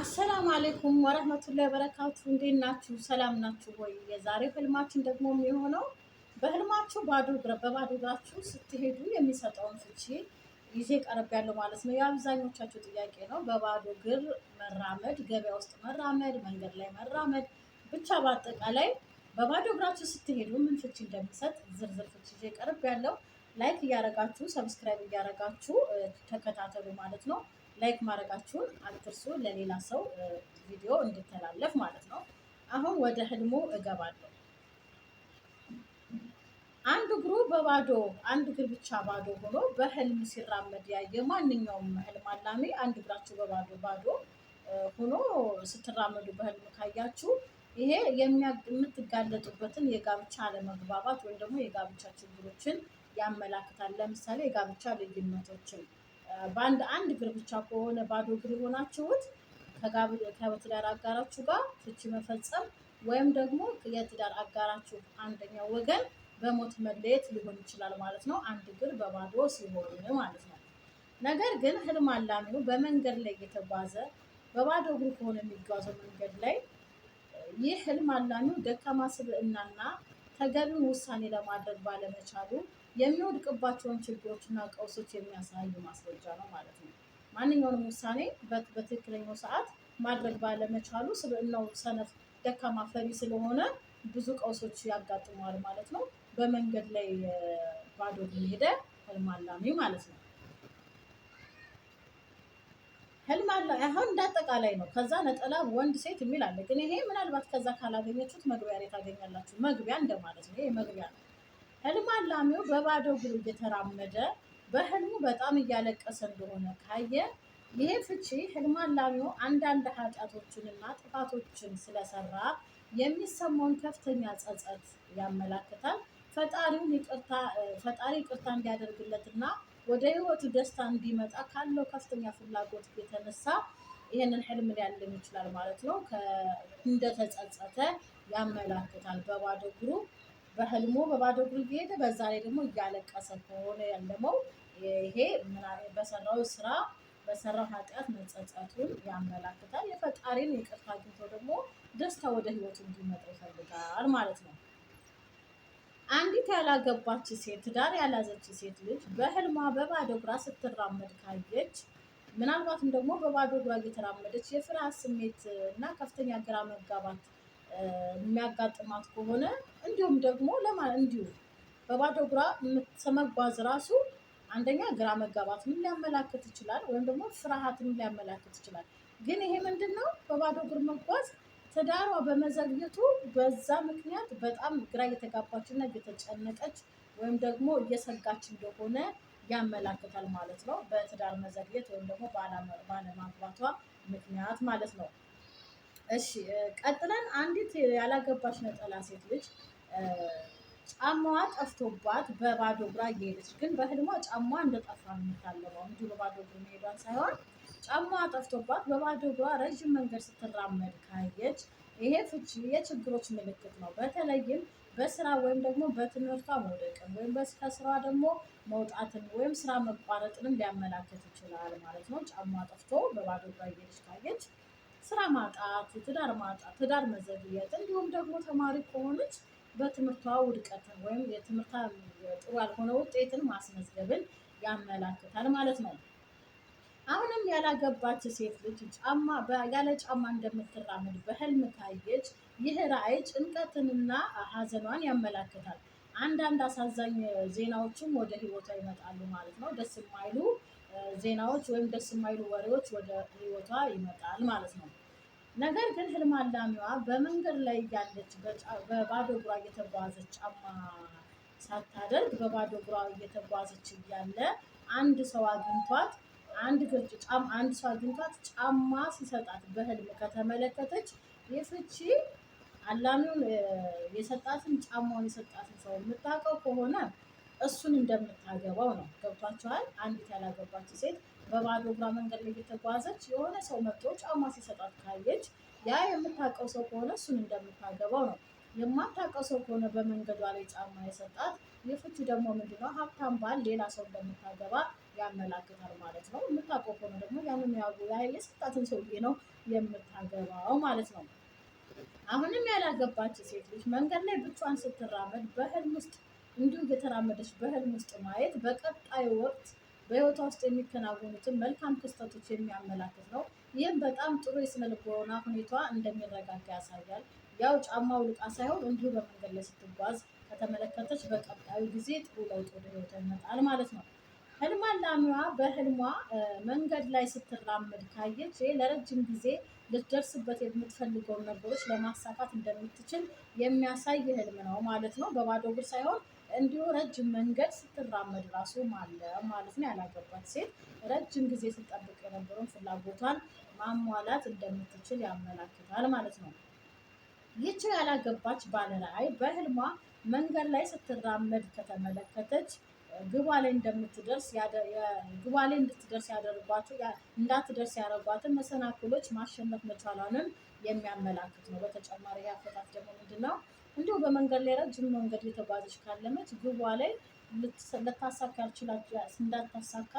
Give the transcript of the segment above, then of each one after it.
አሰላም አሌይኩም ወረህመቱላሂ በረካቱ እንዴት ናችሁ? ሰላም ናችሁ ወይ? የዛሬ ህልማችን ደግሞ የሚሆነው በህልማችሁ ባዶ በባዶ እግራችሁ ስትሄዱ የሚሰጠውን ፍቺ ይዤ ቀረብ ያለው ማለት ነው። የአብዛኞቻችሁ ጥያቄ ነው። በባዶ እግር መራመድ፣ ገበያ ውስጥ መራመድ፣ መንገድ ላይ መራመድ፣ ብቻ በአጠቃላይ በባዶ እግራችሁ ስትሄዱ ምን ፍቺ እንደሚሰጥ ዝርዝር ፍቺ ይዤ ቀረብ ያለው ላይክ እያደረጋችሁ ሰብስክራይብ እያረጋችሁ ተከታተሉ ማለት ነው። ላይክ ማድረጋችሁን አትርሱ፣ ለሌላ ሰው ቪዲዮ እንድተላለፍ ማለት ነው። አሁን ወደ ህልሙ እገባለሁ። አንድ እግሩ በባዶ አንድ እግር ብቻ ባዶ ሆኖ በህልም ሲራመድ ያየ ማንኛውም ህልም አላሚ አንድ እግራችሁ በባዶ ባዶ ሆኖ ስትራመዱ በህልም ካያችሁ ይሄ የምትጋለጡበትን የጋብቻ አለመግባባት ወይም ደግሞ የጋብቻ ችግሮችን ያመላክታል። ለምሳሌ የጋብቻ ልዩነቶችን በአንድ አንድ እግር ብቻ ከሆነ ባዶ እግር የሆናችሁት ከትዳር አጋራችሁ ጋር ፍቺ መፈጸም ወይም ደግሞ የትዳር አጋራችሁ አንደኛው ወገን በሞት መለየት ሊሆን ይችላል ማለት ነው። አንድ እግር በባዶ ሲሆን ማለት ነው። ነገር ግን ህልም አላሚው በመንገድ ላይ እየተጓዘ በባዶ እግሩ ከሆነ የሚጓዘው መንገድ ላይ ይህ ህልም አላሚው ደካማ ስብዕናና ተገቢውን ውሳኔ ለማድረግ ባለመቻሉ የሚወድቅባቸውን ችግሮችና ቀውሶች የሚያሳይ ማስረጃ ነው ማለት ነው። ማንኛውንም ውሳኔ በትክክለኛው ሰዓት ማድረግ ባለመቻሉ ስብዕናው ሰነፍ ደካማ ፈሪ ስለሆነ ብዙ ቀውሶች ያጋጥመዋል ማለት ነው። በመንገድ ላይ ባዶ ሄደ ህልም አላሚ ማለት ነው። ህልም አሁን እንዳጠቃላይ ነው። ከዛ ነጠላ ወንድ ሴት የሚል አለ። ግን ይሄ ምናልባት ከዛ ካላገኘችሁት መግቢያ ላይ ታገኛላችሁ። መግቢያ እንደማለት ነው። ይሄ መግቢያ ነው። ህልም አላሚው በባዶ እግሩ እየተራመደ በህልሙ በጣም እያለቀሰ እንደሆነ ካየ ይሄ ፍቺ ህልም አላሚው አንዳንድ ኃጢአቶችንና ጥፋቶችን ስለሰራ የሚሰማውን ከፍተኛ ጸጸት ያመላክታል። ፈጣሪውን ይቅርታ ፈጣሪ ይቅርታ እንዲያደርግለትና ወደ ህይወቱ ደስታ እንዲመጣ ካለው ከፍተኛ ፍላጎት የተነሳ ይህንን ህልም ሊያልም ይችላል ማለት ነው። እንደተጸጸተ ያመላክታል በባዶ እግሩ በህልሙ በባዶ እግሩ እየሄደ በዛ ላይ ደግሞ እያለቀሰ ከሆነ ያለመው ይሄ በሰራው ስራ በሰራው ኃጢአት መጸጸቱን ያመላክታል። የፈጣሪን ይቅርታ አግኝቶ ደግሞ ደስታ ወደ ህይወቱ እንዲመጣ ይፈልጋል ማለት ነው። አንዲት ያላገባች ሴት ትዳር ያላዘች ሴት ልጅ በህልሟ በባዶ እግሯ ስትራመድ ካየች ምናልባትም ደግሞ በባዶ እግሯ እየተራመደች የፍርሃት ስሜት እና ከፍተኛ ግራ መጋባት የሚያጋጥማት ከሆነ እንዲሁም ደግሞ ለማ እንዲሁ በባዶ እግሯ መጓዝ ራሱ አንደኛ ግራ ምን ሊያመላክት ይችላል፣ ወይም ደግሞ ምን ሊያመላክት ይችላል። ግን ይሄ ምንድን ነው? በባዶ እግር መጓዝ ትዳሯ በመዘግየቱ በዛ ምክንያት በጣም ግራ እየተጋባችና እየተጨነቀች ወይም ደግሞ እየሰጋች እንደሆነ ያመላክታል ማለት ነው። በትዳር መዘግየት ወይም ደግሞ ባለማግባቷ ምክንያት ማለት ነው። እሺ ቀጥለን አንዲት ያላገባች ነጠላ ሴት ልጅ ጫማዋ ጠፍቶባት በባዶ እግሯ እየሄደች ግን በህልሟ ጫማዋ እንደጠፋ ነው የምታለመው። እንዲሁ በባዶ እግር መሄዷን ሳይሆን ጫማዋ ጠፍቶባት በባዶ እግሯ ረዥም መንገድ ስትራመድ ካየች ይሄ ፍቺ የችግሮች ምልክት ነው። በተለይም በስራ ወይም ደግሞ በትምህርቷ መውደቅን ወይም ከስራ ደግሞ መውጣትን ወይም ስራ መቋረጥንም ሊያመላከት ይችላል ማለት ነው። ጫማዋ ጠፍቶ በባዶ እግሯ እየሄደች ካየች ስራ ማጣት፣ ትዳር ማጣት፣ ትዳር መዘግየት እንዲሁም ደግሞ ተማሪ ከሆነች በትምህርቷ ውድቀትን ወይም የትምህርቷ ጥሩ ያልሆነ ውጤትን ማስመዝገብን ያመላክታል ማለት ነው። አሁንም ያላገባች ሴት ልጅ ጫማ ያለ ጫማ እንደምትራመድ በህልም ካየች ይህ ራዕይ ጭንቀትንና ሀዘኗን ያመላክታል። አንዳንድ አሳዛኝ ዜናዎችም ወደ ህይወቷ ይመጣሉ ማለት ነው። ደስ የማይሉ ዜናዎች ወይም ደስ የማይሉ ወሬዎች ወደ ህይወቷ ይመጣል ማለት ነው። ነገር ግን ህልም አላሚዋ በመንገድ ላይ ያለች በባዶ እግሯ እየተጓዘች ጫማ ሳታደርግ በባዶ እግሯ እየተጓዘች እያለ አንድ ሰው አግኝቷት አንድ ፍርጭ ጫማ አንድ ሰው አግኝቷት ጫማ ሲሰጣት በህልም ከተመለከተች የፍቺ አላሚውን የሰጣትን ጫማውን የሰጣትን ሰው የምታውቀው ከሆነ እሱን እንደምታገባው ነው። ገብቷችኋል? አንዲት ያላገባች ሴት በባዶ እግሯ መንገድ ላይ እየተጓዘች የሆነ ሰው መጥቶ ጫማ ሲሰጣት ካየች ያ የምታውቀው ሰው ከሆነ እሱን እንደምታገባው ነው። የማታውቀው ሰው ከሆነ በመንገዷ ላይ ጫማ የሰጣት የፍቹ ደግሞ ምንድነው? ሀብታም ባል ሌላ ሰው እንደምታገባ ያመላክታል ማለት ነው። የምታውቀው ከሆነ ደግሞ ያንን ያሉ የሰጣትን ሰውዬ ነው የምታገባው ማለት ነው። አሁንም ያላገባች ሴት ልጅ መንገድ ላይ ብቻዋን ስትራመድ በህልም ውስጥ እንዲሁ እየተራመደች በህልም ውስጥ ማየት በቀጣይ ወቅት በህይወቷ ውስጥ የሚከናወኑትን መልካም ክስተቶች የሚያመላክት ነው። ይህም በጣም ጥሩ የስነ ልቦና ሁኔቷ እንደሚረጋጋ ያሳያል። ያው ጫማ ውልቃ ሳይሆን እንዲሁ በመንገድ ላይ ስትጓዝ ከተመለከተች በቀጣዩ ጊዜ ጥሩ ለውጥ ወደ ህይወቷ ይመጣል ማለት ነው። ህልም አላሚዋ በህልሟ መንገድ ላይ ስትራመድ ካየች ለረጅም ጊዜ ልትደርስበት የምትፈልገውን ነገሮች ለማሳካት እንደምትችል የሚያሳይ ህልም ነው ማለት ነው። በባዶ እግር ሳይሆን እንዲሁ ረጅም መንገድ ስትራመድ ራሱ ማለት ነው ያላገባት ሴት ረጅም ጊዜ ስትጠብቅ የነበረውን ፍላጎቷን ማሟላት እንደምትችል ያመላክታል ማለት ነው። ይች ያላገባች ባለራዕይ በህልሟ መንገድ ላይ ስትራመድ ከተመለከተች ግቧ ላይ እንደምትደርስ ግቧ ላይ እንድትደርስ ያደርጓት እንዳትደርስ ያደረጓትን መሰናክሎች ማሸነፍ መቻሏንም የሚያመላክት ነው። በተጨማሪ ያፈታት ደግሞ ምንድን ነው? እንዲሁ በመንገድ ላይ ረጅም መንገድ የተጓዘች ካለመች ግቧ ላይ ልታሳካ ያልችላች እንዳታሳካ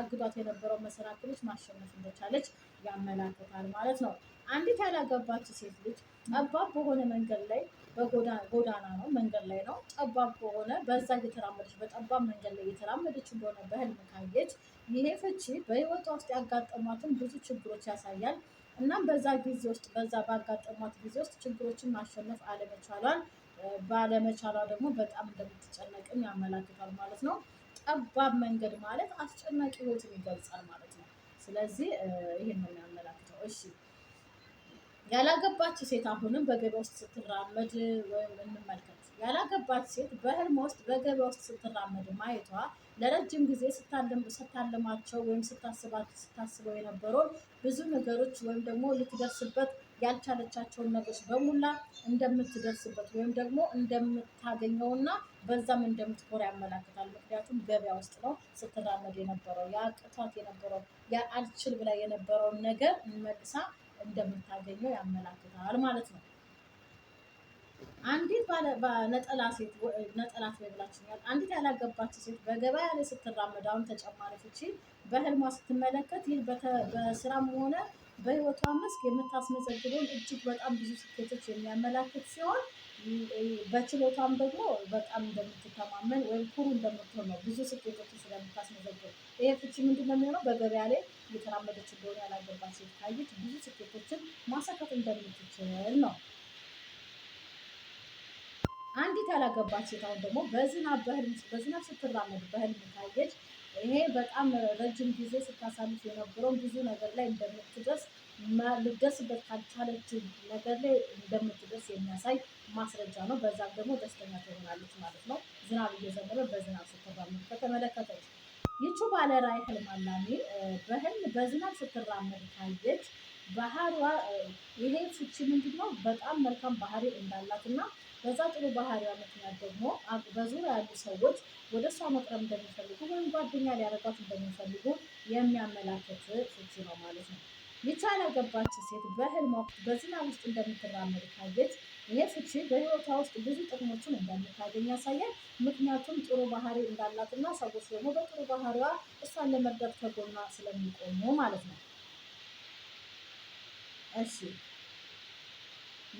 አግዷት የነበረው መሰናክሎች ማሸነፍ እንደቻለች ያመላክታል ማለት ነው። አንዲት ያላገባች ሴት ልጅ ጠባብ በሆነ መንገድ ላይ በጎዳና ነው መንገድ ላይ ነው ጠባብ በሆነ በዛ እየተራመደች በጠባብ መንገድ ላይ እየተራመደች እንደሆነ በህልም ካየች ይሄ ፍቺ በህይወቷ ውስጥ ያጋጠሟትን ብዙ ችግሮች ያሳያል። እናም በዛ ጊዜ ውስጥ በዛ ባጋጠሟት ጊዜ ውስጥ ችግሮችን ማሸነፍ አለመቻሏን ባለመቻሏ ደግሞ በጣም እንደምትጨነቅም ያመላክታል ማለት ነው። ጠባብ መንገድ ማለት አስጨናቂ ህይወትን ይገልጻል ማለት ነው። ስለዚህ ይህን ነው የሚያመላክተው። እሺ ያላገባች ሴት አሁንም በገበያ ውስጥ ስትራመድ ወይም እንመልከት። ያላገባች ሴት በህልም ውስጥ በገበያ ውስጥ ስትራመድ ማየቷ ለረጅም ጊዜ ስታልማቸው ወይም ስታስበው የነበረውን ብዙ ነገሮች ወይም ደግሞ ልትደርስበት ያልቻለቻቸውን ነገሮች በሙላ እንደምትደርስበት ወይም ደግሞ እንደምታገኘውና በዛም እንደምትኮር ያመላክታል። ምክንያቱም ገበያ ውስጥ ነው ስትራመድ የነበረው ያቅቷት የነበረው አልችል ብላ የነበረውን ነገር መልሳ እንደምታገኘው ያመላክታል ማለት ነው። አንዲት ነጠላ ሴት ነጠላ ትበላችኛል። አንዲት ያላገባች ሴት በገበያ ላይ ስትራመድ አሁን ተጨማሪ ፍቺ በህልሟ ስትመለከት ይህ በስራም ሆነ በህይወቷ መስክ የምታስመዘግበውን እጅግ በጣም ብዙ ስኬቶች የሚያመላክት ሲሆን በችሎታም ደግሞ በጣም እንደምትተማመን ወይም ኩሩ እንደምትሆን ነው። ብዙ ስኬቶች ስለምታስመዘግብ ይሄ ፍቺ ምንድን ነው የሚሆነው? በገበያ ላይ የተራመደች እንደሆነ ያላገባች ሴት ካየች ብዙ ስኬቶችን ማሳካት እንደምትችል ነው። አንዲት ያላገባች ሴት አሁን ደግሞ በዝናብ በህልም በዝናብ ስትራመድ በህልም ካየች ይሄ በጣም ረጅም ጊዜ ስታሳልፍ የነበረውን ብዙ ነገር ላይ እንደምትደርስ ልደርስበት ካልቻለች ነገር ላይ እንደምትደርስ የሚያሳይ ማስረጃ ነው። በዛም ደግሞ ደስተኛ ትሆናለች ማለት ነው። ዝናብ እየዘነበ በዝናብ ስትራመድ ከተመለከተች ይቹ ባለ ራዕይ ህልም አላሚ በህልም በዝናብ ስትራመድ ታየች። ባህሪዋ ይሄ ፍቺ ምንድን ነው? በጣም መልካም ባህሪ እንዳላት እና በዛ ጥሩ ባህሪዋ ምክንያት ደግሞ በዙሪያ ያሉ ሰዎች ወደ እሷ መቅረብ እንደሚፈልጉ ወይም ጓደኛ ሊያረጓት እንደሚፈልጉ የሚያመላክት ፍቺ ነው ማለት ነው። ይቻ ያገባች ሴት በህልም ወቅት በዝናብ ውስጥ እንደምትራመድ ካየች ይህ ፍቺ በህይወቷ ውስጥ ብዙ ጥቅሞችን እንደምታገኝ ያሳያል። ምክንያቱም ጥሩ ባህሪ እንዳላትና ሰዎች ደግሞ በጥሩ ባህሪዋ እሷን ለመርዳት ከጎኗ ስለሚቆሙ ማለት ነው። እሺ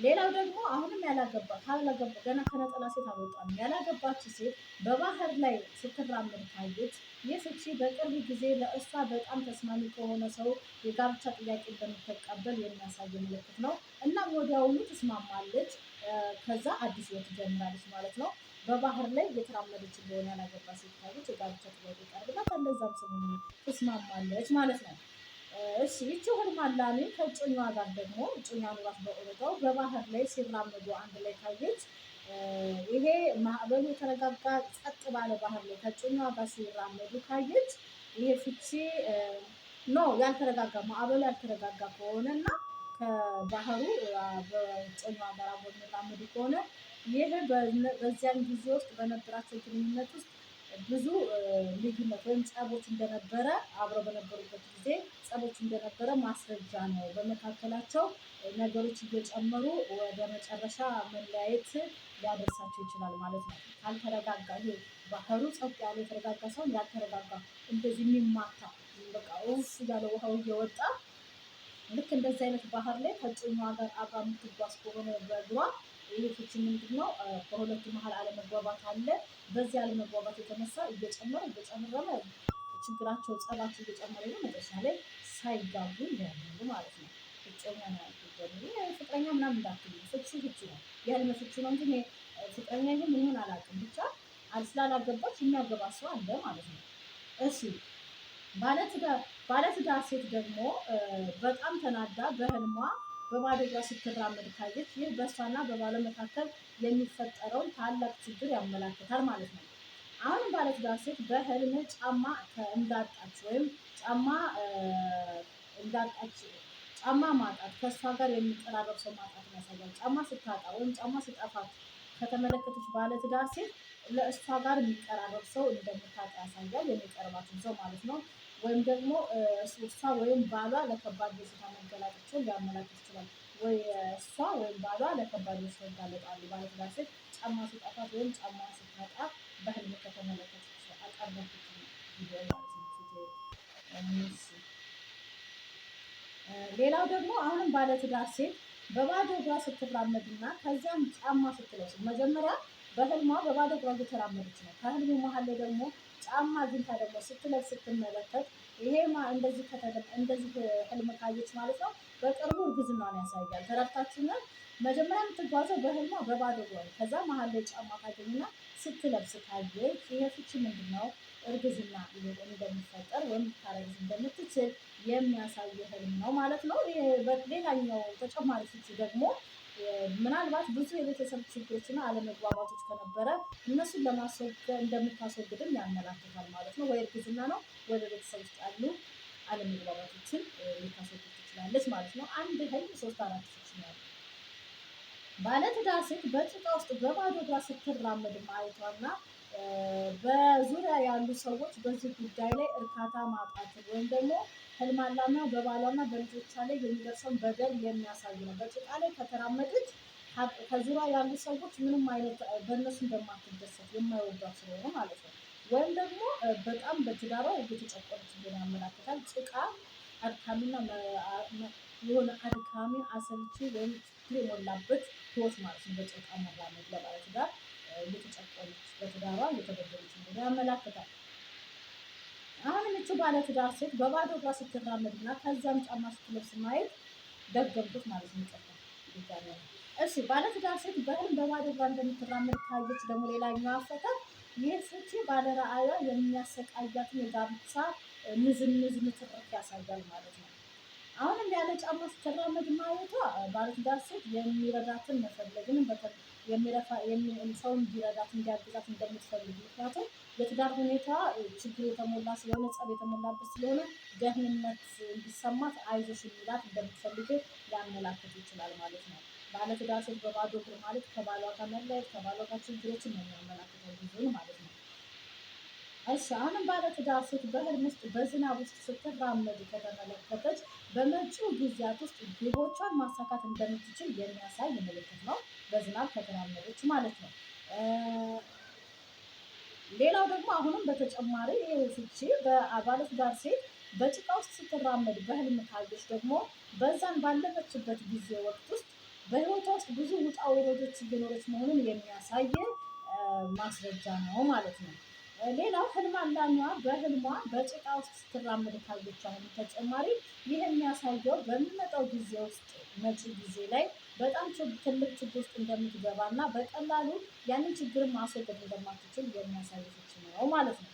ሌላው ደግሞ አሁንም ያላገባ ካላገባ ገና ከነጠላ ሴት አልወጣም ያላገባች ሴት በባህር ላይ ስትራመድ ካየች ይህ ፍቺ በቅርብ ጊዜ ለእሷ በጣም ተስማሚ ከሆነ ሰው የጋብቻ ጥያቄ እንደምትቀበል የሚያሳይ ምልክት ነው። እናም ወዲያውኑ ትስማማለች፣ ከዛ አዲስ ሕይወት ትጀምራለች ማለት ነው። በባህር ላይ እየተራመደች እንደሆነ ያላገባ ሴት ካየች የጋብቻ ጥያቄ ቀርብላት፣ እንደዛም ስሙ ትስማማለች ማለት ነው። እሺ ይቺ ሆርማላኒ ከእጮኛዋ ጋር ደግሞ እጮኛ ኑራት በኦሮጋው በባህር ላይ ሲራመዱ አንድ ላይ ካየች ይሄ ማዕበሉ የተረጋጋ ጸጥ ባለ ባህር ላይ ከእጮኛዋ ጋር ሲራመዱ ካየች ይሄ ፍቺ ኖ ያልተረጋጋ ማዕበሉ ያልተረጋጋ ከሆነ እና ከባህሩ በእጮኛዋ ጋር አብሮ የሚራመዱ ከሆነ ይህ በዚያን ጊዜ ውስጥ በነበራቸው ግንኙነት ውስጥ ብዙ ልዩነት ወይም ጸቦች እንደነበረ አብረው በነበሩበት ጊዜ ጸቦች እንደነበረ ማስረጃ ነው። በመካከላቸው ነገሮች እየጨመሩ ወደ መጨረሻ መለያየት ሊያደርሳቸው ይችላል ማለት ነው። ካልተረጋጋ ይሄ ባህሩ ጸጥ ያለ የተረጋጋ ሰውን ያልተረጋጋ እንደዚህ የሚማታ በቃ ውስ ያለ ውሃው እየወጣ ልክ እንደዚህ አይነት ባህር ላይ ከጭኗ ጋር አብራ የምትጓዝ ከሆነ በግሯ ሌሎቹ ምንድን ነው በሁለቱ መሀል አለመግባባት አለ። በዚህ አለመግባባት የተነሳ እየጨመረ እየጨመረ ችግራቸው፣ ጸባቸው እየጨመረ ነው። መጨረሻ ላይ ሳይጋቡ እንዳያሉ ማለት ነው። ፍቅረኛ ፍቅረኛ ምናምን እንዳትሉ፣ ፍቺ ፍቺ ነው። የህልም ፍቺ ነው እንጂ ፍቅረኛ ይሁን ምን ይሁን አላውቅም፣ ብቻ ስላላገባች የሚያገባ ሰው አለ ማለት ነው። እሺ ባለትዳር ሴት ደግሞ በጣም ተናዳ በህልሟ በማደግ ላይ ስትራመድ ካየች ይህ በእሷና በባለ መካከል የሚፈጠረውን ታላቅ ችግር ያመላክታል ማለት ነው። አሁንም ባለትዳር ሴት በህልም ጫማ እንዳጣች ወይም ጫማ እንዳጣች ጫማ ማጣት ከእሷ ጋር የሚቀራረብ ሰው ማጣት ያሳያል። ጫማ ስታጣ ወይም ጫማ ስጠፋት ከተመለከተች ባለትዳር ሴት ለእሷ ጋር የሚቀራረብ ሰው እንደምታጣ ያሳያል። የሚቀርባትን ሰው ማለት ነው። ወይም ደግሞ እሷ ወይም ባሏ ለከባድ በሽታ መጋለጣቸውን ሊያመላክ ይችላል። ወይ እሷ ወይም ባሏ ለከባድ በሽታ ይጋለጣሉ። ባለትዳር ሴት ጫማ ሲጠፋት ወይም ጫማ ሲታጣ በህልም ከተመለከተች አቀርበት ሌላው ደግሞ አሁንም ባለትዳር ሴት በባዶ እግሯ ስትራመድና ከዚያም ጫማ ስትለብስ መጀመሪያ በህልሟ በባዶ እግሯ እየተራመደች ነው። ከህልሙ መሀል ላይ ደግሞ ጫማ አግኝታ ደግሞ ስትለብስ ስትመለከት ይሄ እንደዚህ እንደዚህ ህልም ካየች ማለት ነው በቅርቡ እርግዝናን ያሳያል። ተረድታችሁናል? መጀመሪያ የምትጓዘው በህልማ በባዶ እግሯ፣ ከዛ መሀል ላይ ጫማ ካገኝና ስትለብስ ካየች ይሄ ፍቺ ምንድን ነው? እርግዝና እንደሚፈጠር ወይም ታረግዝ እንደምትችል የሚያሳይ ህልም ነው ማለት ነው። ሌላኛው ተጨማሪ ፍቺ ደግሞ ምናልባት ብዙ የቤተሰብ ችግሮችና አለመግባባቶች ከነበረ እነሱን ለማስወገድ እንደምታስወግድም ያመላክታል ማለት ነው። ወይ እርግዝና ነው ወደ ቤተሰብ ውስጥ ያሉ አለመግባባቶችን ልታስወግድ ትችላለች ማለት ነው። አንድ ህል ሶስት አራት ነው ባለትዳር ሴት በጭቃ ውስጥ በባዶ እግሯ ስትራመድ ማየቷና በዙሪያ ያሉ ሰዎች በዚህ ጉዳይ ላይ እርካታ ማጣትን ወይም ደግሞ ህልማላና በባሏና በልጆቿ ላይ የሚደርሰውን በደል የሚያሳይ ነው። በጭቃ ላይ ከተራመደች ከዙሪያ ያሉ ሰዎች ምንም አይነት በእነሱ እንደማትደሰት የማይወዷት ስለሆነ ማለት ነው። ወይም ደግሞ በጣም በትዳሯ እየተጨቆረች እንደሆነ ያመላክታል። ጭቃ አድካሚና የሆነ አድካሚ አሰልቺ ወይም ችግር የሞላበት ህይወት ማለት ነው። በጭቃ መራመድ ለባለትዳር እየተጨቆረች በትዳሯ እየተበደለች እንደሆነ ያመላክታል። አሁን እቹ ባለ ትዳር ሴት በባዶ እግሯ ስትራመድና ከዛም ጫማ ስትለብስ ማየት ደገምኩት ማለት ነው። ጨፋ እሺ፣ ባለ ትዳር ሴት በህልም በባዶ እግሯ እንደምትራመድ ካየች ደግሞ ሌላኛው አፈታት ይህ ፍቺ ባለ ረአያ የሚያሰቃያትን የጋብቻ ንዝንዝ ምትርክ ያሳያል ማለት ነው። አሁንም ያለ ጫማ ስትራመድ ማየቷ ባለ ትዳር ሴት የሚረዳትን መፈለግንም በተ ሰውም እንዲረዳት እንዲያግዛት እንደምትፈልግ ምክንያቱም የትዳር ሁኔታ ችግር የተሞላ ስለሆነ ጸብ የተሞላበት ስለሆነ ደህንነት እንዲሰማት አይዞሽ የሚላት እንደምትፈልግ ሊያመላክት ይችላል ማለት ነው። ባለትዳር ሴት በባዶ እግር ማለት ከባሏ ከመለየት ከባሏ ጋር ችግሮችን ነው የሚያመላክተው ብዙ ማለት ነው። እሺ አሁንም ባለትዳር ሴት በህልም ውስጥ በዝናብ ውስጥ ስትራመድ ከተመለከተች በመጪው ጊዜያት ውስጥ ግቦቿን ማሳካት እንደምትችል የሚያሳይ ምልክት ነው። በዝናብ ከተራመደች ማለት ነው። ሌላው ደግሞ አሁንም በተጨማሪ ፍቺ ባለትዳር ሴት በጭቃ ውስጥ ስትራመድ በህልም ካየች ደግሞ በዛን ባለፈችበት ጊዜ ወቅት ውስጥ በህይወቷ ውስጥ ብዙ ውጣ ውረዶች እየኖረች መሆኑን የሚያሳይ ማስረጃ ነው ማለት ነው። ሌላው ህልም አላሚዋ በህልሟ በጭቃ ውስጥ ስትራመድ ካየች አሁን ተጨማሪ ይህ የሚያሳየው በሚመጣው ጊዜ ውስጥ መጪ ጊዜ ላይ በጣም ትልቅ ችግር ውስጥ እንደምትገባ እና በቀላሉ ያንን ችግር ማስወገድ እንደማትችል የሚያሳይ ፍቺ ነው ማለት ነው።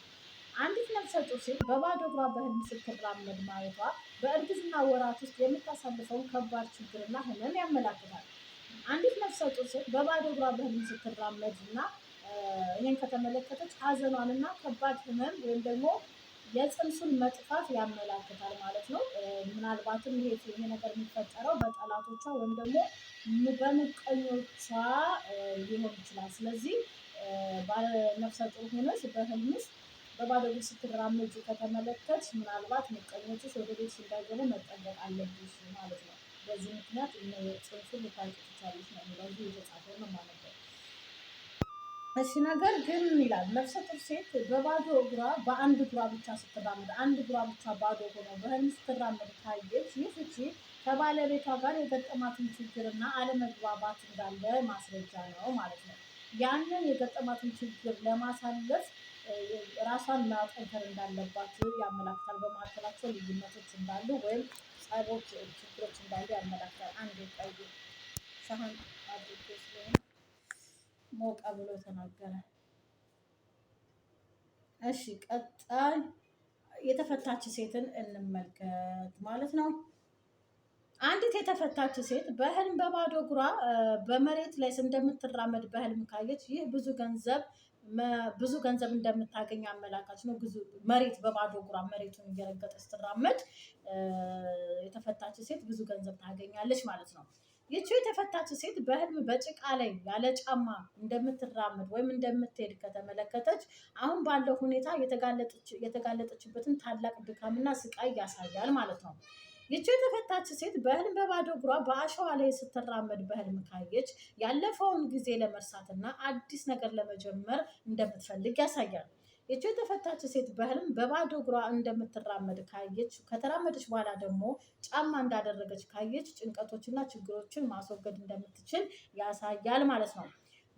አንዲት ነፍሰ ጡር ሴት በባዶ እግሯ በህልም ስትራመድ ማየቷ በእርግዝና ወራት ውስጥ የምታሳልፈውን ከባድ ችግርና ህመም ያመላክታል። አንዲት ነፍሰ ጡር ሴት በባዶ እግሯ በህልም ስትራመድ እና ይህን ከተመለከተች እና ከባድ ህመም ወይም ደግሞ የፅንሱን መጥፋት ያመላክታል ማለት ነው። ምናልባትም ይሄ ይሄ ነገር የሚፈጠረው በጠላቶቿ ወይም ደግሞ በምቀኞቿ ሊሆን ይችላል። ስለዚህ ባለነፍሰ ጡር ሆነሽ በህልምስ በባዶ እግር ስትራመጂ ከተመለከትሽ ምናልባት ምቀኞችሽ ወደ ቤት እንዳይገቡ መጠንቀቅ አለብሽ ማለት ነው። በዚህ ምክንያት ፅንሱን ልታውቂ ትችያለሽ ነው የሚለው የተጻፈው ነው ማለት ነው። እሺ ነገር ግን ይላል ነፍሰ ጡር ሴት በባዶ እግሯ በአንድ እግሯ ብቻ ስትራመድ አንድ እግሯ ብቻ ባዶ ሆኖ በህልም ስትራመድ ታየች። ይህ ፍቺ ከባለቤቷ ጋር የገጠማትን ችግርና አለመግባባት እንዳለ ማስረጃ ነው ማለት ነው። ያንን የገጠማትን ችግር ለማሳለፍ ራሷን ማጠንከር እንዳለባቸው ያመላክታል። በመካከላቸው ልዩነቶች እንዳሉ ወይም ጸቦች፣ ችግሮች እንዳሉ ያመላክታል። አንድ ቀይ ሳህን አድርጌ ስለሆነ ሞቀ ብሎ ተናገረ። እሺ ቀጣይ የተፈታች ሴትን እንመልከት ማለት ነው። አንዲት የተፈታች ሴት በህልም በባዶ እግሯ በመሬት ላይ እንደምትራመድ በህልም ካየች ይህ ብዙ ገንዘብ ብዙ ገንዘብ እንደምታገኝ አመላካች ነው። ብዙ መሬት በባዶ እግሯ መሬቱን እየረገጠ ስትራመድ የተፈታች ሴት ብዙ ገንዘብ ታገኛለች ማለት ነው። ይቺ የተፈታች ሴት በህልም በጭቃ ላይ ያለ ጫማ እንደምትራመድ ወይም እንደምትሄድ ከተመለከተች አሁን ባለው ሁኔታ የተጋለጠችበትን ታላቅ ድካምና ስቃይ ያሳያል ማለት ነው። ይቺ የተፈታች ሴት በህልም በባዶ እግሯ በአሸዋ ላይ ስትራመድ በህልም ካየች ያለፈውን ጊዜ ለመርሳትና አዲስ ነገር ለመጀመር እንደምትፈልግ ያሳያል። እጇ የተፈታች ሴት በህልም በባዶ እግሯ እንደምትራመድ ካየች ከተራመደች በኋላ ደግሞ ጫማ እንዳደረገች ካየች ጭንቀቶችና ችግሮችን ማስወገድ እንደምትችል ያሳያል ማለት ነው።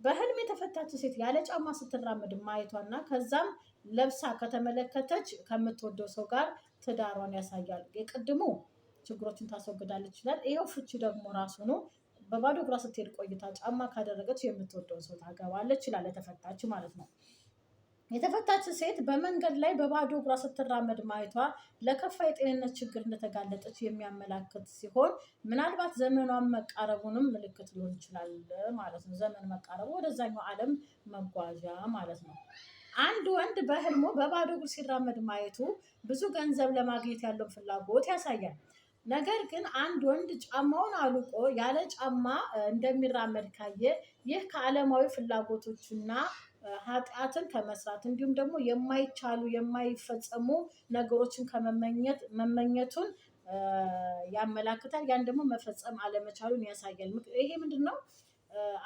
በህልም የተፈታች ሴት ያለ ጫማ ስትራመድ ማየቷና ከዛም ለብሳ ከተመለከተች ከምትወደው ሰው ጋር ትዳሯን ያሳያል። የቅድሙ ችግሮችን ታስወግዳለች ይችላል። ይኸው ፍቺ ደግሞ ራሱ ነው። በባዶ እግሯ ስትሄድ ቆይታ ጫማ ካደረገች የምትወደውን ሰው ታገባለች ይችላል። የተፈታች ማለት ነው። የተፈታች ሴት በመንገድ ላይ በባዶ እግሯ ስትራመድ ማየቷ ለከፋ የጤንነት ችግር እንደተጋለጠች የሚያመላክት ሲሆን ምናልባት ዘመኗን መቃረቡንም ምልክት ሊሆን ይችላል ማለት ነው። ዘመን መቃረቡ ወደዛኛው ዓለም መጓዣ ማለት ነው። አንድ ወንድ በህልሞ በባዶ እግር ሲራመድ ማየቱ ብዙ ገንዘብ ለማግኘት ያለውን ፍላጎት ያሳያል። ነገር ግን አንድ ወንድ ጫማውን አልቆ ያለ ጫማ እንደሚራመድ ካየ ይህ ከዓለማዊ ፍላጎቶችና ኃጢአትን ከመስራት እንዲሁም ደግሞ የማይቻሉ የማይፈጸሙ ነገሮችን ከመመኘት መመኘቱን ያመላክታል። ያን ደግሞ መፈጸም አለመቻሉን ያሳያል። ይሄ ምንድን ነው?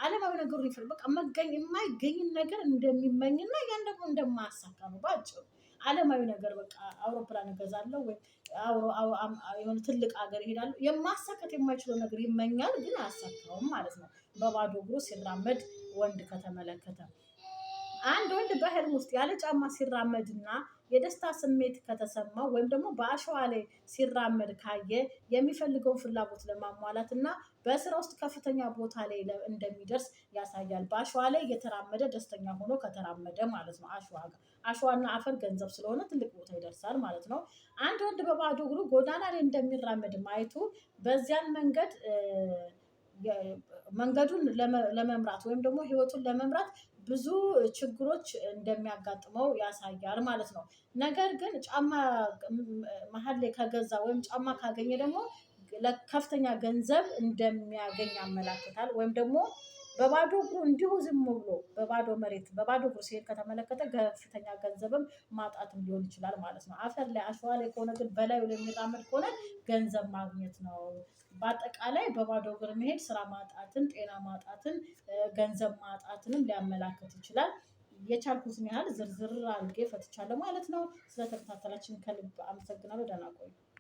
ዓለማዊ ነገሩ ይፈል በቃ መገኝ የማይገኝን ነገር እንደሚመኝና ያን ደግሞ እንደማያሳካ ነው በአጭሩ። አለማዊ ነገር በቃ አውሮፕላን እገዛለሁ ወይ የሆነ ትልቅ ሀገር ይሄዳለሁ። የማሳካት የማይችለው ነገር ይመኛል፣ ግን አያሳካውም ማለት ነው። በባዶ እግሩ ሲራመድ ወንድ ከተመለከተ አንድ ወንድ በህልም ውስጥ ያለ ጫማ ሲራመድና የደስታ ስሜት ከተሰማው ወይም ደግሞ በአሸዋ ላይ ሲራመድ ካየ የሚፈልገውን ፍላጎት ለማሟላት እና በስራ ውስጥ ከፍተኛ ቦታ ላይ እንደሚደርስ ያሳያል። በአሸዋ ላይ እየተራመደ ደስተኛ ሆኖ ከተራመደ ማለት ነው አሸዋ ጋር አሸዋና አፈር ገንዘብ ስለሆነ ትልቅ ቦታ ይደርሳል ማለት ነው። አንድ ወንድ በባዶ እግሩ ጎዳና ላይ እንደሚራመድ ማየቱ በዚያን መንገድ መንገዱን ለመምራት ወይም ደግሞ ህይወቱን ለመምራት ብዙ ችግሮች እንደሚያጋጥመው ያሳያል ማለት ነው። ነገር ግን ጫማ መሀል ላይ ከገዛ ወይም ጫማ ካገኘ ደግሞ ከፍተኛ ገንዘብ እንደሚያገኝ ያመላክታል ወይም ደግሞ በባዶ እግሩ እንዲሁ ዝም ብሎ በባዶ መሬት በባዶ እግሩ ሲሄድ ከተመለከተ ከፍተኛ ገንዘብም ማጣትም ሊሆን ይችላል ማለት ነው። አፈር ላይ አሸዋ ላይ ከሆነ ግን በላዩ ላይ የሚራመድ ከሆነ ገንዘብ ማግኘት ነው። በአጠቃላይ በባዶ እግር መሄድ ስራ ማጣትን፣ ጤና ማጣትን፣ ገንዘብ ማጣትንም ሊያመላከት ይችላል። የቻልኩትን ያህል ዝርዝር አድርጌ ፈትቻለሁ ማለት ነው። ስለተከታተላችን ከልብ አመሰግናለሁ። ደህና ቆዩ።